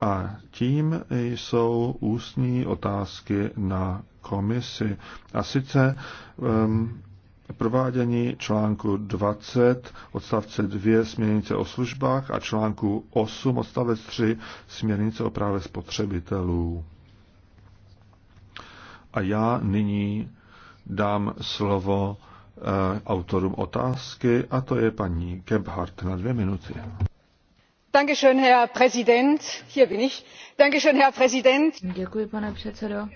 A tím jsou ústní otázky na komisi. A sice um, provádění článku 20 odstavce 2 směrnice o službách a článku 8 odstavec 3 směrnice o právě spotřebitelů. A já nyní dám slovo uh, autorům otázky a to je paní Kebhardt na dvě minuty herr präsident! pane předsedo.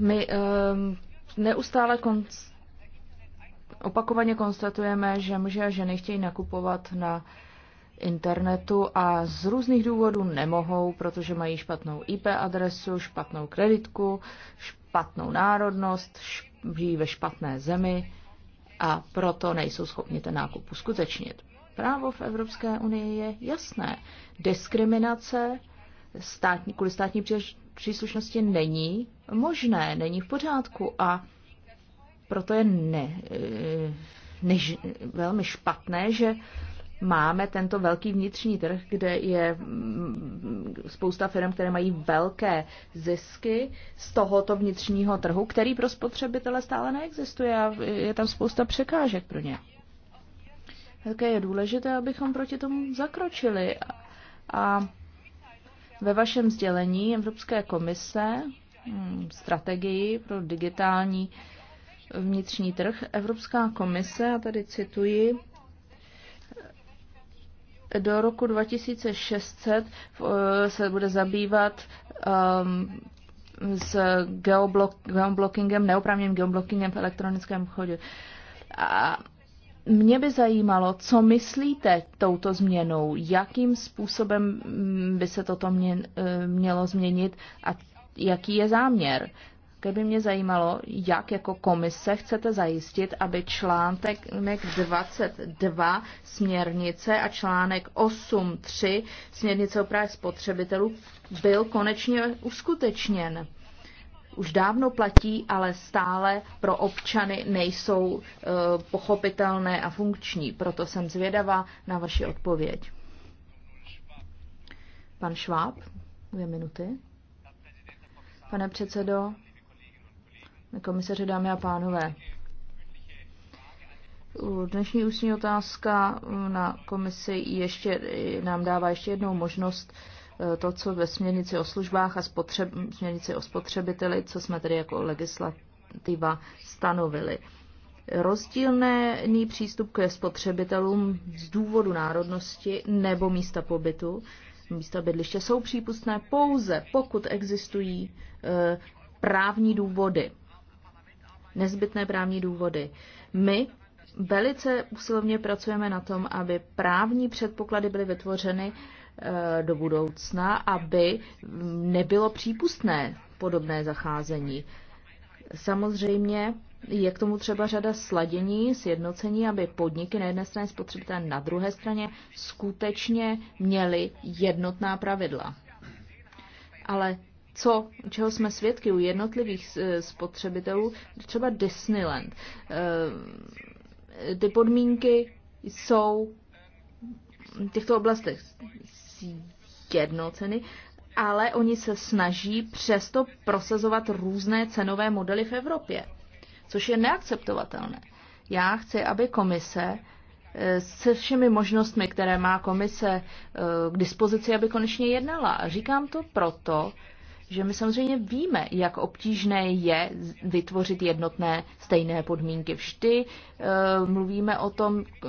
my ehm, neustále opakovaně konstatujeme že muži a ženy chtějí nakupovat na internetu a z různých důvodů nemohou, protože mají špatnou IP adresu, špatnou kreditku, špatnou národnost, žijí ve špatné zemi a proto nejsou schopni ten nákup uskutečnit. Právo v Evropské unii je jasné. Diskriminace státní, kvůli státní příslušnosti není možné, není v pořádku a proto je ne, e, než, velmi špatné, že máme tento velký vnitřní trh, kde je mm, spousta firm, které mají velké zisky z tohoto vnitřního trhu, který pro spotřebitele stále neexistuje a je tam spousta překážek pro ně. Také je důležité, abychom proti tomu zakročili. A ve vašem sdělení Evropské komise mm, strategii pro digitální vnitřní trh Evropská komise, a tady cituji, do roku 2600 eh, se bude zabývat um, s geoblockingem, neoprávněným geoblockingem v elektronickém obchodě. A mě by zajímalo, co myslíte touto změnou, jakým způsobem mm, by se toto mě, eh, mělo změnit a jaký je záměr. Také by mě zajímalo, jak jako komise chcete zajistit, aby článek 22 směrnice a článek 8.3 směrnice o právě spotřebitelů byl konečně uskutečněn. Už dávno platí, ale stále pro občany nejsou e, pochopitelné a funkční. Proto jsem zvědavá na vaši odpověď. Pan Šváb, dvě minuty. Pane předsedo, komisaři, dámy a pánové. Dnešní ústní otázka na komisi ještě, nám dává ještě jednou možnost eh, to, co ve směrnici o službách a spotřeb, směrnici o spotřebiteli, co jsme tedy jako legislativa stanovili. Rozdílný přístup ke spotřebitelům z důvodu národnosti nebo místa pobytu, místa bydliště jsou přípustné pouze, pokud existují eh, právní důvody nezbytné právní důvody. My velice usilovně pracujeme na tom, aby právní předpoklady byly vytvořeny eh, do budoucna, aby mm, nebylo přípustné podobné zacházení. Samozřejmě je k tomu třeba řada sladění, sjednocení, aby podniky na jedné straně spotřebitelé na druhé straně skutečně měly jednotná pravidla. Ale co, čeho jsme svědky u jednotlivých eh, spotřebitelů, třeba Disneyland. Eh, ty podmínky jsou v těchto oblastech jednoceny, ale oni se snaží přesto prosazovat různé cenové modely v Evropě, což je neakceptovatelné. Já chci, aby komise eh, se všemi možnostmi, které má komise k dispozici, aby konečně jednala. A říkám to proto, že my samozřejmě víme, jak obtížné je vytvořit jednotné stejné podmínky. Vždy eh, mluvíme o tom, eh,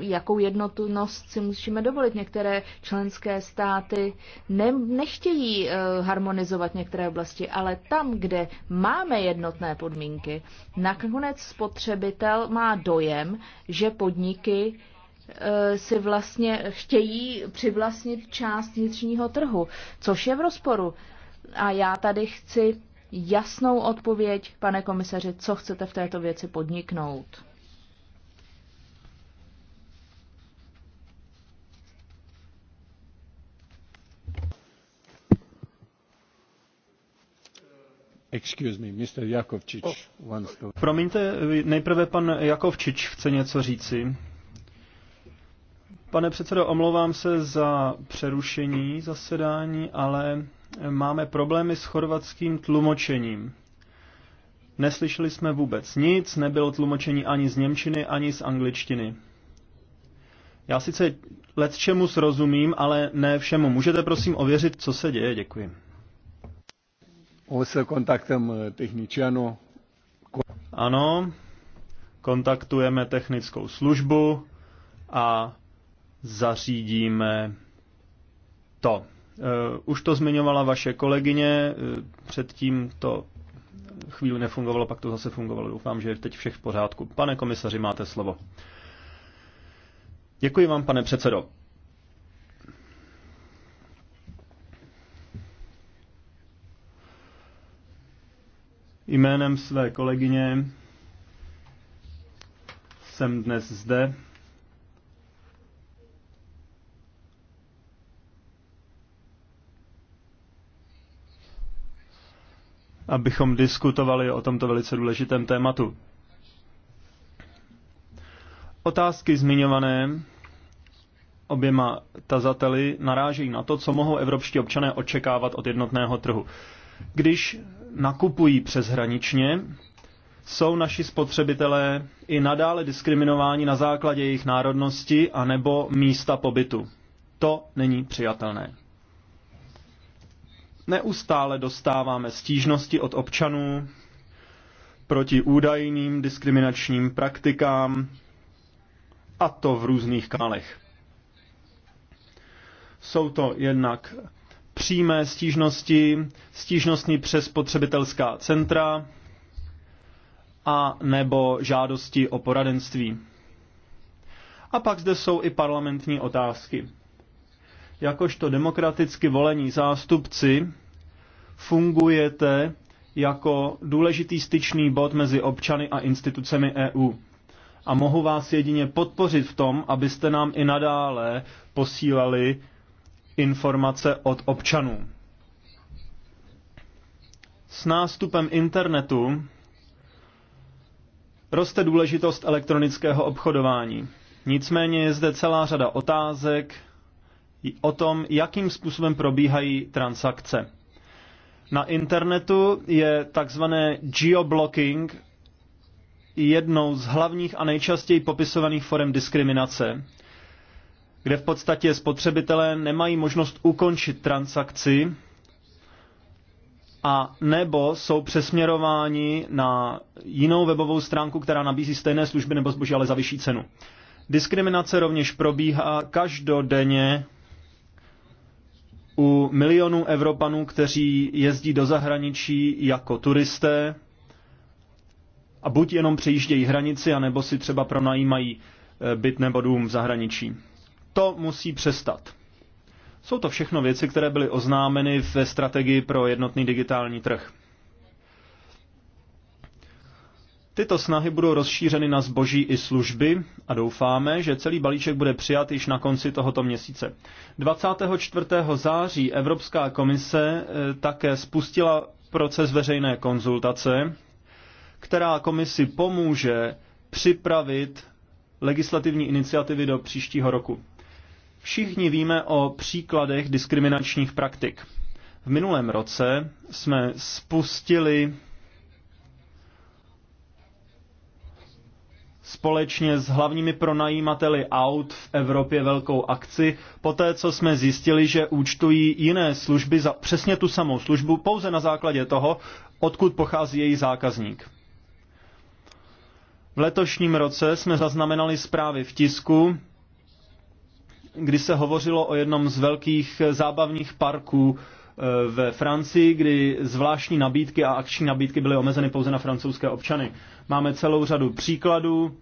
jakou jednotnost si musíme dovolit. Některé členské státy ne, nechtějí eh, harmonizovat některé oblasti, ale tam, kde máme jednotné podmínky, nakonec spotřebitel má dojem, že podniky si vlastně chtějí přivlastnit část vnitřního trhu, což je v rozporu a já tady chci jasnou odpověď, pane komisaři, co chcete v této věci podniknout. Excuse me, Mr. Jakovčič. Oh. Promiňte, nejprve pan Jakovčič chce něco říci. Pane předsedo, omlouvám se za přerušení zasedání, ale máme problémy s chorvatským tlumočením. Neslyšeli jsme vůbec nic, nebylo tlumočení ani z Němčiny, ani z angličtiny. Já sice let čemu srozumím, ale ne všemu. Můžete prosím ověřit, co se děje? Děkuji. O se kontaktem eh, techničianu. Ano, kontaktujeme technickou službu a zařídíme to. Eh, už to zmiňovala vaše kolegyně, eh, předtím to chvíli nefungovalo, pak to zase fungovalo. Doufám, že je teď všech v pořádku. Pane komisaři, máte slovo. Děkuji vám, pane předsedo. Jménem své kolegyně jsem dnes zde abychom diskutovali o tomto velice důležitém tématu. Otázky zmiňované oběma tazateli narážejí na to, co mohou evropští občané očekávat od jednotného trhu. Když nakupují přeshraničně, jsou naši spotřebitelé i nadále diskriminováni na základě jejich národnosti anebo místa pobytu. To není přijatelné. Neustále dostáváme stížnosti od občanů proti údajným diskriminačním praktikám, a to v různých kanálech. Jsou to jednak přímé stížnosti, stížnostní přes potřebitelská centra a nebo žádosti o poradenství. A pak zde jsou i parlamentní otázky jakožto demokraticky volení zástupci fungujete jako důležitý styčný bod mezi občany a institucemi EU. A mohu vás jedině podpořit v tom, abyste nám i nadále posílali informace od občanů. S nástupem internetu roste důležitost elektronického obchodování. Nicméně je zde celá řada otázek, o tom, jakým způsobem probíhají transakce. Na internetu je takzvané geoblocking jednou z hlavních a nejčastěji popisovaných forem diskriminace, kde v podstatě spotřebitelé nemají možnost ukončit transakci a nebo jsou přesměrováni na jinou webovou stránku, která nabízí stejné služby nebo zboží, ale za vyšší cenu. Diskriminace rovněž probíhá každodenně u milionů Evropanů, kteří jezdí do zahraničí jako turisté a buď jenom přejíždějí hranici, anebo si třeba pronajímají e, byt nebo dům v zahraničí. To musí přestat. Jsou to všechno věci, které byly oznámeny ve strategii pro jednotný digitální trh. Tyto snahy budou rozšířeny na zboží i služby a doufáme, že celý balíček bude přijat již na konci tohoto měsíce. 24. září Evropská komise eh, také spustila proces veřejné konzultace, která komisi pomůže připravit legislativní iniciativy do příštího roku. Všichni víme o příkladech diskriminačních praktik. V minulém roce jsme spustili společně s hlavními pronajímateli aut v Evropě velkou akci, poté co jsme zjistili, že účtují jiné služby za přesně tu samou službu pouze na základě toho, odkud pochází její zákazník. V letošním roce jsme zaznamenali zprávy v tisku, kdy se hovořilo o jednom z velkých zábavních parků e, ve Francii, kdy zvláštní nabídky a akční nabídky byly omezeny pouze na francouzské občany. Máme celou řadu příkladů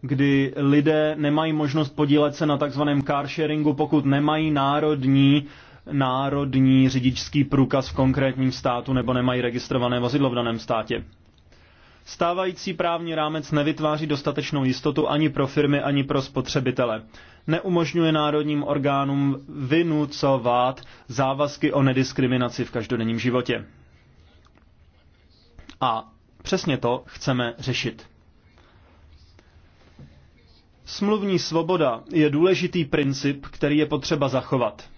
kdy lidé nemají možnost podílet se na takzvaném sharingu, pokud nemají národní národní řidičský průkaz v konkrétním státu nebo nemají registrované vozidlo v daném státě. Stávající právní rámec nevytváří dostatečnou jistotu ani pro firmy, ani pro spotřebitele. Neumožňuje národním orgánům vynucovat závazky o nediskriminaci v každodenním životě. A přesně to chceme řešit. Smluvní svoboda je důležitý princip, který je potřeba zachovat.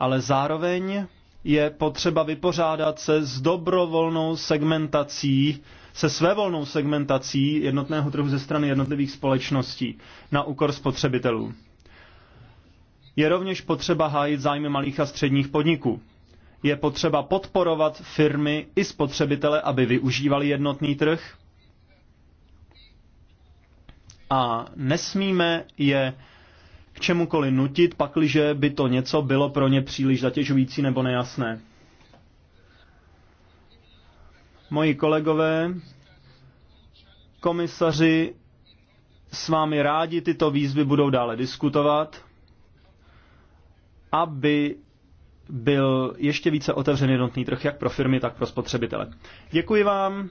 Ale zároveň je potřeba vypořádat se s dobrovolnou segmentací, se svévolnou segmentací jednotného trhu ze strany jednotlivých společností na úkor spotřebitelů. Je rovněž potřeba hájit zájmy malých a středních podniků. Je potřeba podporovat firmy i spotřebitele, aby využívali jednotný trh a nesmíme je k čemukoliv nutit, pakliže by to něco bylo pro ně příliš zatěžující nebo nejasné. Moji kolegové, komisaři, s vámi rádi tyto výzvy budou dále diskutovat, aby byl ještě více otevřen jednotný trh jak pro firmy, tak pro spotřebitele. Děkuji vám.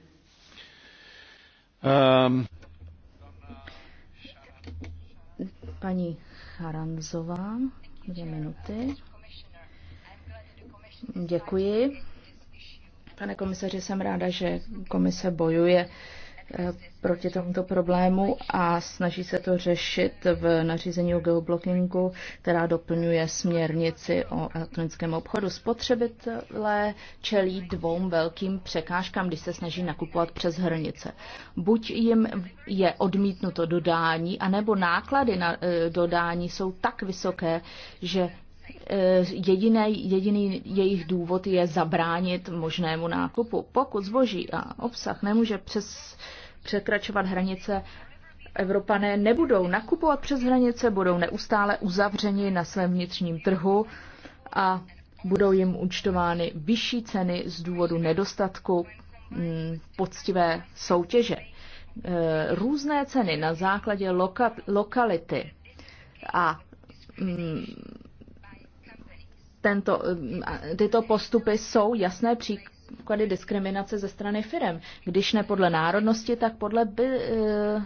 Um. Paní Charanzová, dvě minuty. Děkuji. Pane komisaři, jsem ráda, že komise bojuje Eh, proti tomuto problému a snaží se to řešit v nařízení o geoblockingu, která doplňuje směrnici o elektronickém obchodu. Spotřebitelé čelí dvou velkým překážkám, když se snaží nakupovat přes hranice. Buď jim je odmítnuto dodání, anebo náklady na eh, dodání jsou tak vysoké, že Eh, jediné, jediný jejich důvod je zabránit možnému nákupu. Pokud zboží a obsah nemůže přes, překračovat hranice, Evropané nebudou nakupovat přes hranice, budou neustále uzavřeni na svém vnitřním trhu a budou jim účtovány vyšší ceny z důvodu nedostatku mm, poctivé soutěže. Eh, různé ceny na základě loka, lokality a mm, tento, eh, tyto postupy jsou jasné příklady diskriminace ze strany firm. Když ne podle národnosti, tak podle by, eh,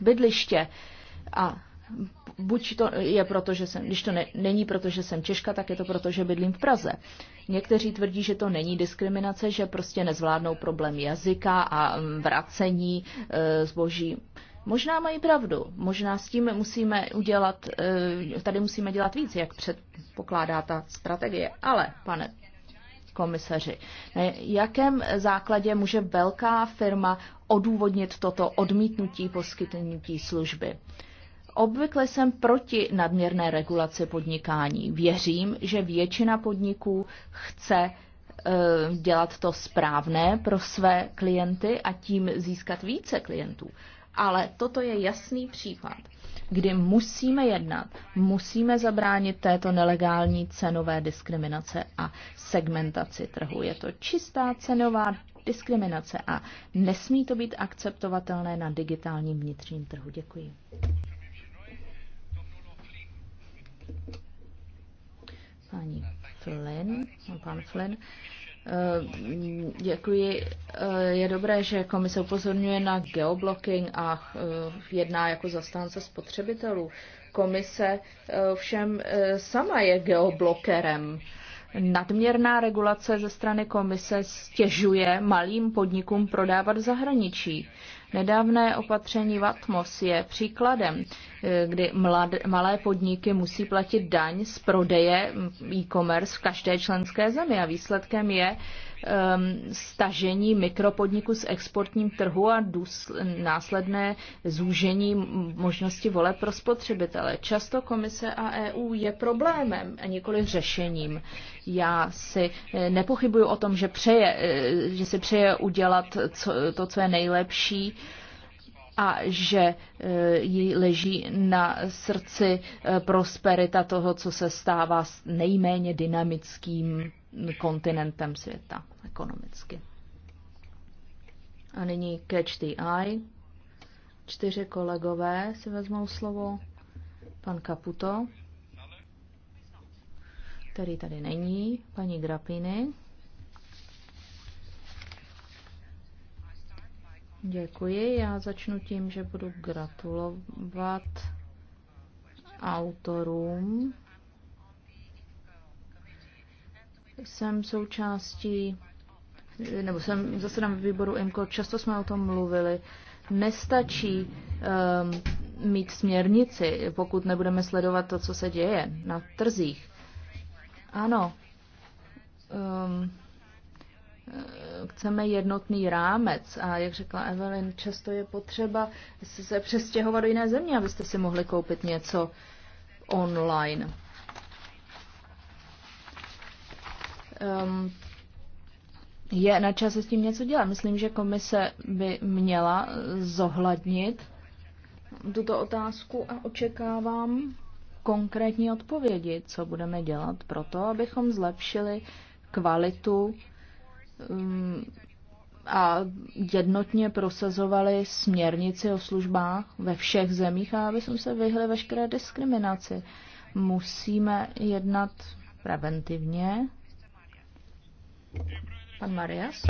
bydliště. A buď to je proto, že jsem, když to ne, není proto, že jsem Češka, tak je to proto, že bydlím v Praze. Někteří tvrdí, že to není diskriminace, že prostě nezvládnou problém jazyka a mm, vracení e, zboží Možná mají pravdu, možná s tím musíme udělat, eh, tady musíme dělat víc, jak předpokládá ta strategie. Ale, pane komisaři, na jakém základě může velká firma odůvodnit toto odmítnutí poskytnutí služby? Obvykle jsem proti nadměrné regulaci podnikání. Věřím, že většina podniků chce eh, dělat to správné pro své klienty a tím získat více klientů ale toto je jasný případ, kdy musíme jednat, musíme zabránit této nelegální cenové diskriminace a segmentaci trhu. Je to čistá cenová diskriminace a nesmí to být akceptovatelné na digitálním vnitřním trhu. Děkuji. Pani Flynn, pan Flynn. Eh, děkuji. Eh, je dobré, že komise upozorňuje na geoblocking a eh, jedná jako zastánce spotřebitelů. Komise všem sama je geoblokerem. Nadměrná regulace ze strany komise stěžuje malým podnikům prodávat v zahraničí. Nedávné opatření VATMOS je příkladem, eh, kdy mlad, malé podniky musí platit daň z prodeje mm, e-commerce v každé členské zemi a výsledkem je, Um, stažení mikropodniku z exportním trhu a následné zúžení možnosti voleb pro spotřebitele. Často komise a EU je problémem a nikoli řešením. Já si eh, nepochybuju o tom, že, přeje, eh, že si přeje udělat to, co je nejlepší a že eh, jí leží na srdci prosperita toho, co se stává nejméně dynamickým kontinentem světa ekonomicky. A nyní catch the eye. Čtyři kolegové si vezmou slovo. Pan Kaputo, který tady není, paní Grapiny. Děkuji. Já začnu tím, že budu gratulovat autorům jsem součástí, nebo jsem zase na výboru IMCO, často jsme o tom mluvili, nestačí um, mít směrnici, pokud nebudeme sledovat to, co se děje na trzích. Ano, um, chceme jednotný rámec a jak řekla Evelyn, často je potřeba se přestěhovat do jiné země, abyste si mohli koupit něco online. um, je na čase s tím něco dělat. Myslím, že komise by měla zohlednit tuto otázku a očekávám konkrétní odpovědi, co budeme dělat pro to, abychom zlepšili kvalitu um, a jednotně prosazovali směrnici o službách ve všech zemích a abychom se vyhli veškeré diskriminaci. Musíme jednat preventivně Pan Marias.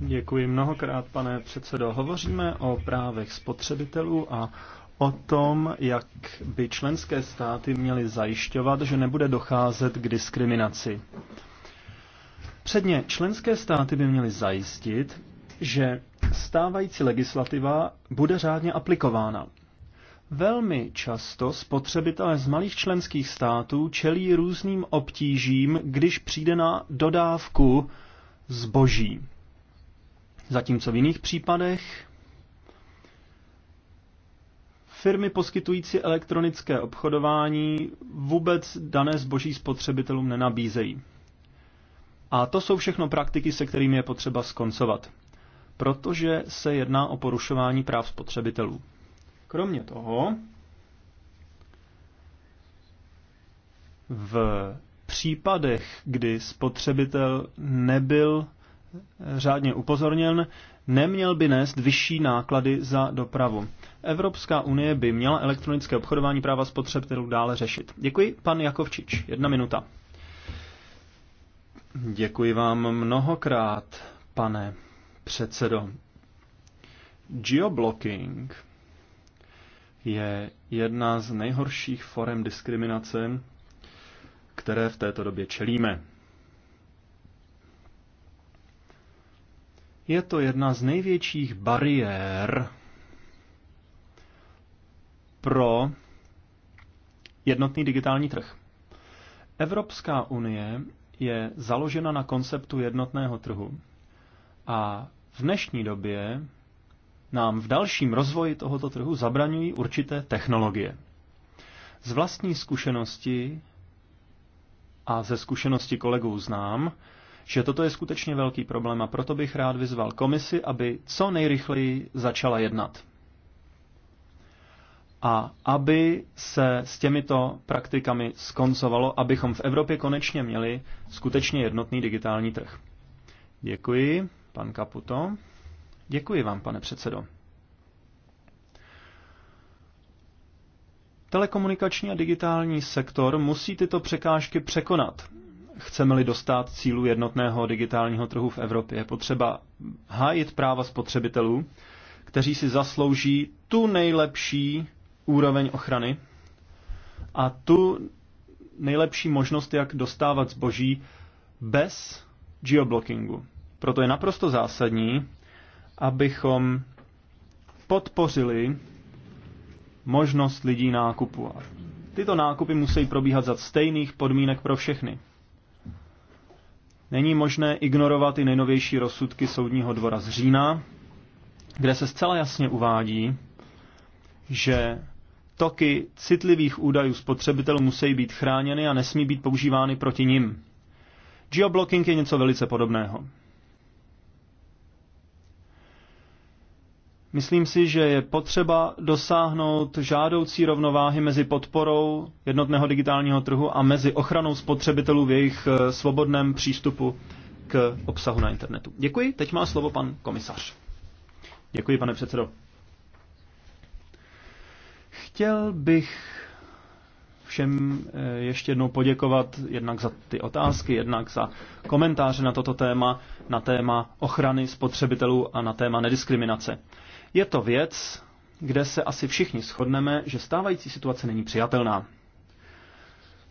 Děkuji mnohokrát, pane předsedo. Hovoříme o právech spotřebitelů a o tom, jak by členské státy měly zajišťovat, že nebude docházet k diskriminaci. Předně členské státy by měly zajistit, že stávající legislativa bude řádně aplikována. Velmi často spotřebitelé z malých členských států čelí různým obtížím, když přijde na dodávku zboží. Zatímco v jiných případech firmy poskytující elektronické obchodování vůbec dané zboží spotřebitelům nenabízejí. A to jsou všechno praktiky, se kterými je potřeba skoncovat, protože se jedná o porušování práv spotřebitelů. Kromě toho, v případech, kdy spotřebitel nebyl řádně upozorněn, neměl by nést vyšší náklady za dopravu. Evropská unie by měla elektronické obchodování práva spotřebitelů dále řešit. Děkuji, pan Jakovčič. Jedna minuta. Děkuji vám mnohokrát, pane předsedo. Geoblocking je jedna z nejhorších forem diskriminace, které v této době čelíme. Je to jedna z největších bariér pro jednotný digitální trh. Evropská unie je založena na konceptu jednotného trhu a v dnešní době nám v dalším rozvoji tohoto trhu zabraňují určité technologie. Z vlastní zkušenosti a ze zkušenosti kolegů znám, že toto je skutečně velký problém a proto bych rád vyzval komisi, aby co nejrychleji začala jednat. A aby se s těmito praktikami skoncovalo, abychom v Evropě konečně měli skutečně jednotný digitální trh. Děkuji, pan Kaputo. Děkuji vám, pane předsedo. Telekomunikační a digitální sektor musí tyto překážky překonat. Chceme-li dostat cílu jednotného digitálního trhu v Evropě, je potřeba hájit práva spotřebitelů, kteří si zaslouží tu nejlepší úroveň ochrany a tu nejlepší možnost, jak dostávat zboží bez geoblockingu. Proto je naprosto zásadní, abychom podpořili možnost lidí nákupu. Tyto nákupy musí probíhat za stejných podmínek pro všechny. Není možné ignorovat i nejnovější rozsudky Soudního dvora z října, kde se zcela jasně uvádí, že toky citlivých údajů spotřebitelů musí být chráněny a nesmí být používány proti nim. Geoblocking je něco velice podobného. Myslím si, že je potřeba dosáhnout žádoucí rovnováhy mezi podporou jednotného digitálního trhu a mezi ochranou spotřebitelů v jejich eh, svobodném přístupu k obsahu na internetu. Děkuji, teď má slovo pan komisař. Děkuji, pane předsedo. Chtěl bych všem eh, ještě jednou poděkovat jednak za ty otázky, jednak za komentáře na toto téma, na téma ochrany spotřebitelů a na téma nediskriminace. Je to věc, kde se asi všichni shodneme, že stávající situace není přijatelná.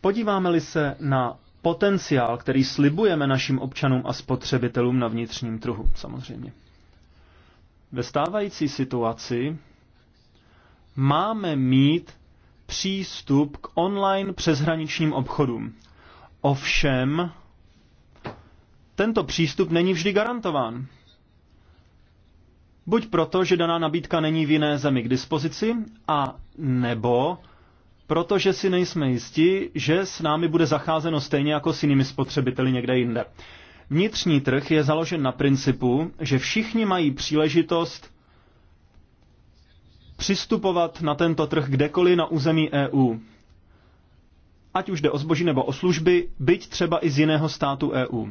Podíváme-li se na potenciál, který slibujeme našim občanům a spotřebitelům na vnitřním trhu, samozřejmě. Ve stávající situaci máme mít přístup k online přeshraničním obchodům. Ovšem, tento přístup není vždy garantován. Buď proto, že daná nabídka není v jiné zemi k dispozici, a nebo proto, že si nejsme jisti, že s námi bude zacházeno stejně jako s jinými spotřebiteli někde jinde. Vnitřní trh je založen na principu, že všichni mají příležitost přistupovat na tento trh kdekoliv na území EU. Ať už jde o zboží nebo o služby, byť třeba i z jiného státu EU.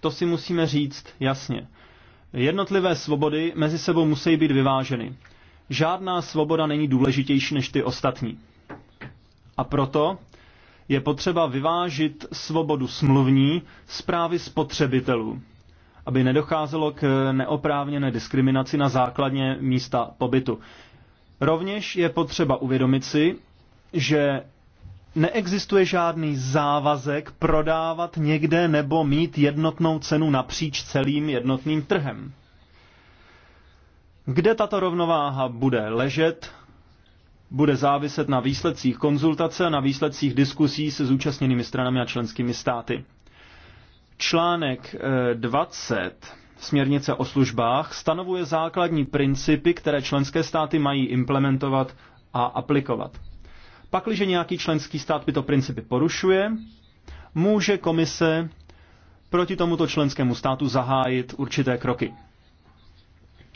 To si musíme říct jasně. Jednotlivé svobody mezi sebou musí být vyváženy. Žádná svoboda není důležitější než ty ostatní. A proto je potřeba vyvážit svobodu smluvní zprávy právy spotřebitelů, aby nedocházelo k neoprávněné diskriminaci na základně místa pobytu. Rovněž je potřeba uvědomit si, že neexistuje žádný závazek prodávat někde nebo mít jednotnou cenu napříč celým jednotným trhem. Kde tato rovnováha bude ležet, bude záviset na výsledcích konzultace a na výsledcích diskusí se zúčastněnými stranami a členskými státy. Článek 20 eh, směrnice o službách stanovuje základní principy, které členské státy mají implementovat a aplikovat. Pakliže nějaký členský stát tyto principy porušuje, může komise proti tomuto členskému státu zahájit určité kroky.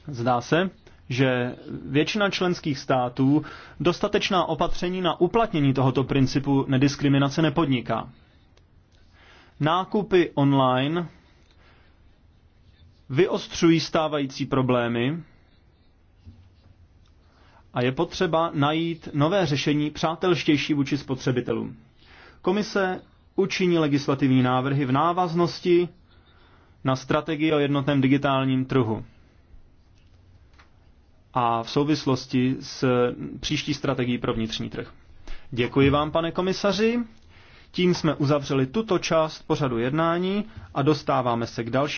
Zdá se, že většina členských států dostatečná opatření na uplatnění tohoto principu nediskriminace nepodniká. Nákupy online vyostřují stávající problémy, a je potřeba najít nové řešení přátelštější vůči spotřebitelům. Komise učiní legislativní návrhy v návaznosti na strategii o jednotném digitálním trhu a v souvislosti s příští strategií pro vnitřní trh. Děkuji vám, pane komisaři. Tím jsme uzavřeli tuto část pořadu jednání a dostáváme se k další.